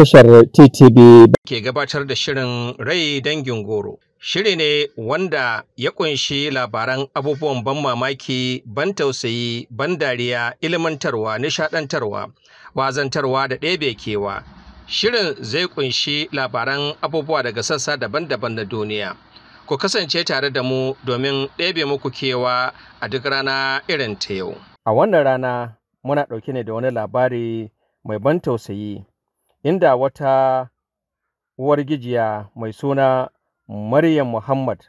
tashar TTB ke gabatar da shirin rai dangin goro. Shiri ne wanda ya kunshi labaran abubuwan ban mamaki, ban tausayi, ban dariya, ilmantarwa, nishadantarwa, wazantarwa da ɗebe kewa. Shirin zai kunshi labaran abubuwa daga sassa daban-daban na duniya. Ku kasance tare da mu domin ɗebe muku kewa a duk rana irin ta yau. A wannan rana muna ɗauke ne da wani labari mai ban tausayi inda wata uwargijiya mai suna Maryam Muhammad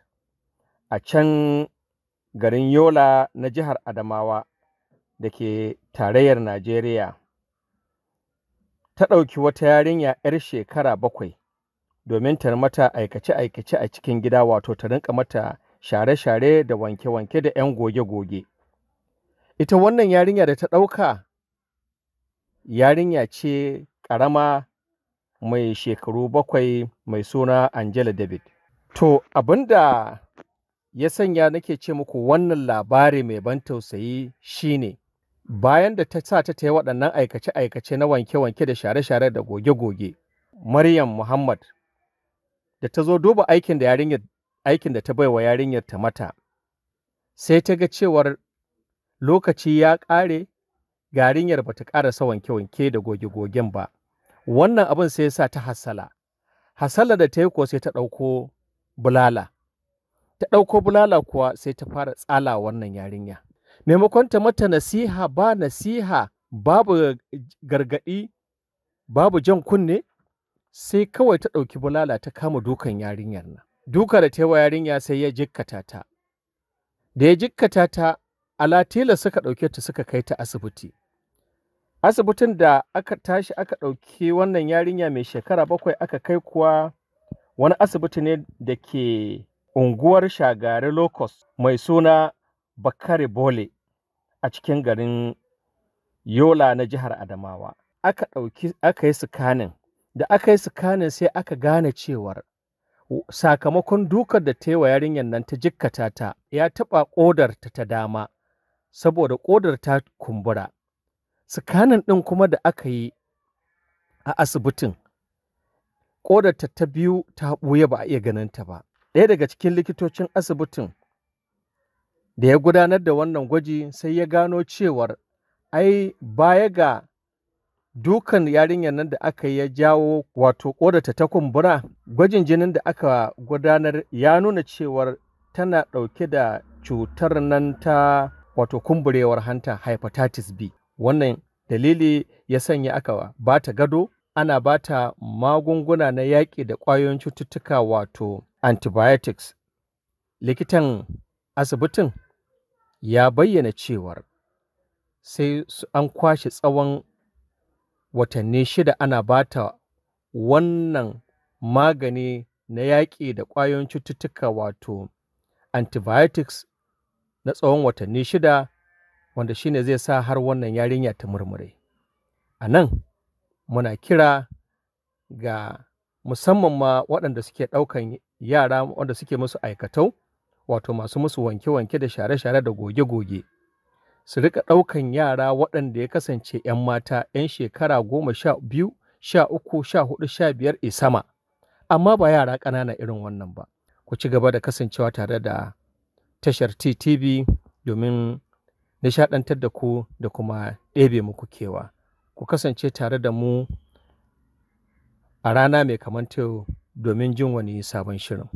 a can garin Yola na jihar Adamawa da ke tarayyar Najeriya ta ɗauki wata yarinya 'yar shekara bakwai domin ta mata aikace-aikace a cikin gida wato ta rinka mata share-share da wanke-wanke da 'yan goge-goge. Ita wannan yarinya da ta ɗauka yarinya ce ƙarama mai shekaru bakwai mai suna Angela David. To abinda ya sanya nake ce muku wannan labari mai ban tausayi shine bayan da ta sa ta ta yi waɗannan aikace-aikace na wanke-wanke da share-share da goge-goge Maryam Muhammad da ta zo duba aikin da yarinyar aikin da ta baiwa yarinyar ta mata sai ta ga cewar lokaci ya ƙare garinyar ba ta ƙarasa wanke-wanke da goge-gogen ba wannan abin sai sa ta hasala hasala da ta yi kuwa sai ta ɗauko bulala ta ɗauko bulala kuwa sai ta fara tsala wannan yarinya maimakon ta mata nasiha ba nasiha babu gargaɗi babu jan kunne sai kawai ta ɗauki bulala ta kama dukan yarinyar nan duka da ta yi wa yarinya sai ya jikkata ta da ya jikkata ta ala tela suka ɗauke ta suka kai ta asibiti Asibitin da aka tashi aka ɗauki wannan yarinya mai shekara bakwai aka kai kuwa wani asibiti ne da ke unguwar shagari locust mai suna bakari bole a cikin garin yola na jihar adamawa aka ɗauki aka yi sikanin da aka yi sikanin sai aka gane cewar sakamakon dukar da ta yi wa yarinyar nan ta jikkata ta ya taɓa ƙodarta ta dama saboda ƙodar ta kumbura Sikanin ɗin kuma da aka yi a asibitin, ƙodarta ta biyu ta ɓuya ba a iya ta ba. Ɗaya daga cikin likitocin asibitin da ya gudanar da wannan gwaji sai ya gano cewar ai baya ga dukan yarinyar nan da aka yi ya jawo wato ƙodarta ta kumbura gwajin jinin da aka gudanar ya nuna cewar tana ɗauke da cutar nan ta wato kumburewar hanta hepatitis B. wannan dalili ya sanya aka ba ta gado ana ba ta magunguna na yaƙi da ƙwayoyin cututtuka wato antibiotics likitan asibitin ya bayyana cewar sai an kwashe tsawon watanni shida ana ba ta wannan magani na yaƙi da ƙwayoyin cututtuka wato antibiotics na tsawon watanni shida wanda shine zai sa har wannan yarinya ta murmure a nan muna kira ga musamman ma waɗanda suke ɗaukan yara wanda suke musu aikatau wato masu musu wanke-wanke da share-share da goge-goge su rika ɗaukan yara waɗanda ya kasance 'yan mata 'yan shekara goma sha biyu sha uku sha hudu sha biyar isama amma ba yara ƙanana irin wannan ba ku ci gaba da kasancewa tare da tashar ttv domin nishaɗantar da ku da kuma ɗebe muku kewa. Ku kasance tare da mu a rana mai kamanta domin jin wani sabon shirin.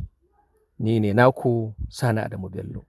Ni ne naku da mu Bello.